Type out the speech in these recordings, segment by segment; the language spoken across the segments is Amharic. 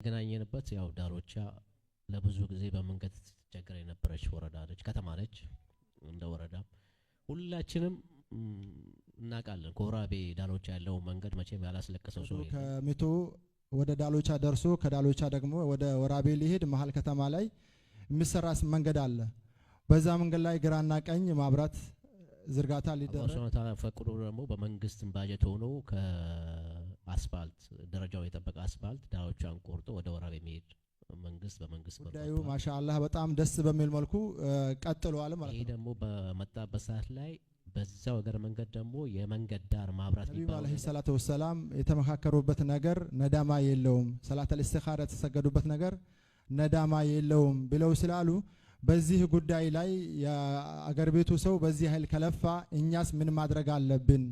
የተገናኘንበት ያው ዳሮቻ ለብዙ ጊዜ በመንገድ ስትቸገር የነበረች ወረዳ ነች፣ ከተማ ነች። እንደ ወረዳ ሁላችንም እናውቃለን። ኮራቤ ዳሎቻ ያለው መንገድ መቼም ያላስለቀሰው ሰው ከሚቶ ወደ ዳሎቻ ደርሶ ከዳሎቻ ደግሞ ወደ ወራቤ ሊሄድ መሀል ከተማ ላይ የሚሰራ መንገድ አለ። በዛ መንገድ ላይ ግራና ቀኝ ማብራት ዝርጋታ ሊደረግ ፈቅዶ ደግሞ በመንግስት ባጀት ሆኖ አስፋልት ደረጃው የጠበቀ አስፋልት ዳዎቿን ቆርጦ ወደ ወራብ የሚሄድ መንግስት በመንግስት ጉዳዩ ማሻአላህ በጣም ደስ በሚል መልኩ ቀጥሏል ማለት ነው። ይህ ደግሞ በመጣበት ሰዓት ላይ በዛው እግረ መንገድ ደግሞ የመንገድ ዳር ማብራት ነቢዩ ዓለይሂ ሰላቱ ወሰላም የተመካከሩበት ነገር ነዳማ የለውም፣ ሰላት ልስትኻር የተሰገዱበት ነገር ነዳማ የለውም ብለው ስላሉ በዚህ ጉዳይ ላይ የአገር ቤቱ ሰው በዚህ ኃይል ከለፋ እኛስ ምን ማድረግ አለብን?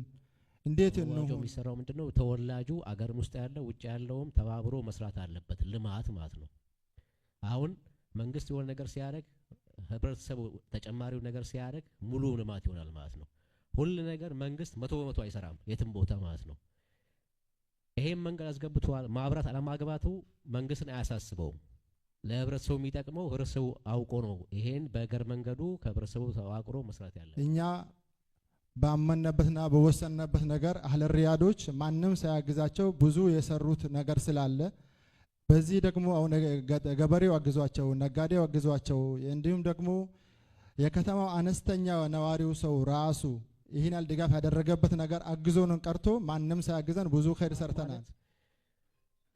እንዴት ነው የሚሰራው? ምንድነው ተወላጁ አገር ውስጥ ያለው ውጭ ያለውም ተባብሮ መስራት አለበት። ልማት ማለት ነው። አሁን መንግስት የሆነ ነገር ሲያደርግ፣ ህብረተሰቡ ተጨማሪው ነገር ሲያደርግ ሙሉ ልማት ይሆናል ማለት ነው። ሁሉ ነገር መንግስት መቶ በመቶ አይሰራም የትም ቦታ ማለት ነው። ይሄም መንገድ አስገብቷል። ማብራት አለማግባቱ መንግስትን አያሳስበውም። ለህብረተሰቡ የሚጠቅመው ህብረተሰቡ አውቆ ነው። ይሄን በእግር መንገዱ ከህብረተሰቡ ተዋቅሮ መስራት ያለ እኛ ባመነበትና በወሰነበት ነገር አህለ ሪያዶች ማንም ሳያግዛቸው ብዙ የሰሩት ነገር ስላለ በዚህ ደግሞ አሁን ገበሬው አግዟቸው፣ ነጋዴው አግዟቸው፣ እንዲሁም ደግሞ የከተማው አነስተኛ ነዋሪው ሰው ራሱ ይህን ያህል ድጋፍ ያደረገበት ነገር አግዞንን ቀርቶ ማንም ሳያግዘን ብዙ ኸይር ሰርተናል።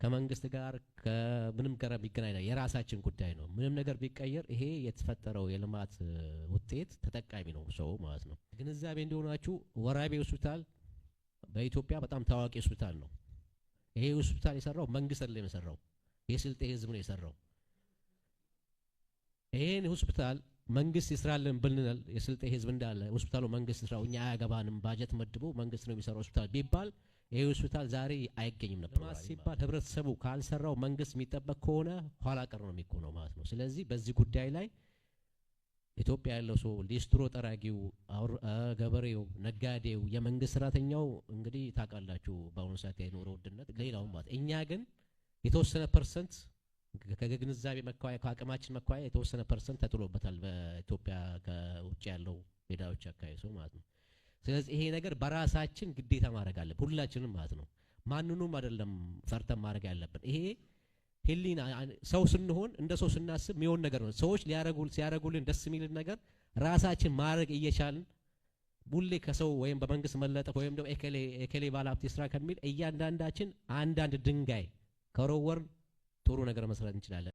ከመንግስት ጋር ከምንም ጋር የሚገናኝ የራሳችን ጉዳይ ነው። ምንም ነገር ቢቀየር ይሄ የተፈጠረው የልማት ውጤት ተጠቃሚ ነው ሰው ማለት ነው። ግንዛቤ እንዲሆናችሁ ወራቤ ሆስፒታል በኢትዮጵያ በጣም ታዋቂ ሆስፒታል ነው። ይሄ ሆስፒታል የሰራው መንግስት አይደለም የሰራው የስልጤ ህዝብ ነው የሰራው። ይሄን ሆስፒታል መንግስት ይስራልን ብንል የስልጤ ህዝብ እንዳለ ሆስፒታሉ መንግስት ይስራው እኛ አያገባንም፣ ባጀት መድቦ መንግስት ነው የሚሰራው ሆስፒታል ቢባል ይህ ሆስፒታል ዛሬ አይገኝም ነበር። ልማት ሲባል ህብረተሰቡ ካልሰራው መንግስት የሚጠበቅ ከሆነ ኋላ ቀር ነው የሚሆነው ማለት ነው። ስለዚህ በዚህ ጉዳይ ላይ ኢትዮጵያ ያለው ሰው ሊስትሮ ጠራጊው፣ ገበሬው፣ ነጋዴው፣ የመንግስት ሰራተኛው እንግዲህ ታውቃላችሁ በአሁኑ ሰዓት የኑሮ ውድነት ሌላውም ማለት እኛ ግን የተወሰነ ፐርሰንት ከግንዛቤ መኳያ ከአቅማችን መኳያ የተወሰነ ፐርሰንት ተጥሎበታል በኢትዮጵያ ከውጭ ያለው ሜዳዎች አካባቢ ሰው ማለት ነው። ስለዚህ ይሄ ነገር በራሳችን ግዴታ ማድረግ አለብን ሁላችንም ማለት ነው። ማንኑም አይደለም ፈርተን ማድረግ ያለብን ይሄ ህሊና ሰው ስንሆን እንደ ሰው ስናስብ የሚሆን ነገር ነው። ሰዎች ሲያደርጉልን ደስ የሚልን ነገር ራሳችን ማድረግ እየቻልን ሁሌ ከሰው ወይም በመንግስት መለጠፍ ወይም ደግሞ ኤኬሌ ባለሀብት ስራ ከሚል እያንዳንዳችን አንዳንድ ድንጋይ ከሮወርን ጥሩ ነገር መስራት እንችላለን።